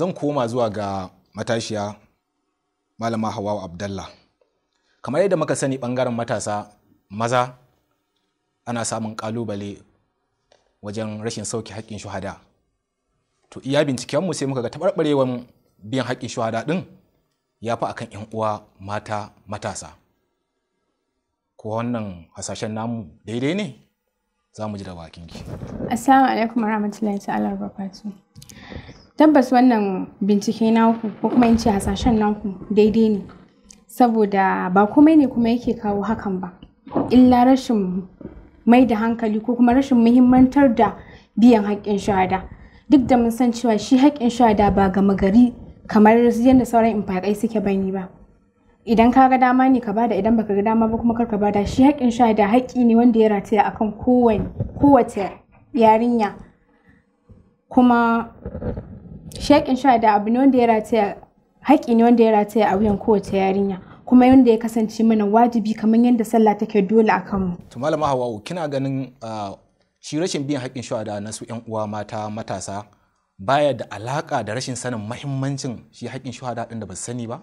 zan koma zuwa ga matashiya malama hawa abdallah kamar yadda muka sani bangaren matasa maza ana samun kalubale wajen rashin sauki haƙƙin shuhada to iya bincikenmu sai muka ga taɓarɓarewar biyan haƙƙin shuhada ɗin ya fi akan 'yan uwa mata matasa ko wannan hasashen namu daidai ne za mu ji da bakin ki assalamu alaikum warahmatullahi ta'ala barakatuh tabbas wannan bincike naku ko kuma in ce hasashen naku daidai ne saboda ba komai ne kuma yake kawo hakan ba illa rashin mai da hankali ko kuma rashin muhimmantar da biyan haƙƙin shahada duk da mun san cewa shi haƙƙin shahada ba gama gari kamar yadda sauran infaƙai suke bani ba idan ka ga dama ne ka bada idan baka ga dama ba kuma karka bada shi haƙƙin shahada haƙƙi ne wanda ya rataya akan kowace yarinya kuma shaƙin sha da abu ne wanda ya rataya haƙƙi ne wanda ya rataya a wuyan kowace yarinya kuma yadda ya kasance mana wajibi kamar yadda sallah take dole a kanmu. to malama hawa'u kina ganin ah, shi rashin biyan haƙin sha da nasu yan uwa mata matasa baya da alaƙa da rashin sanin mahimmancin shi haƙƙin shuhada ɗin da ba sani ba?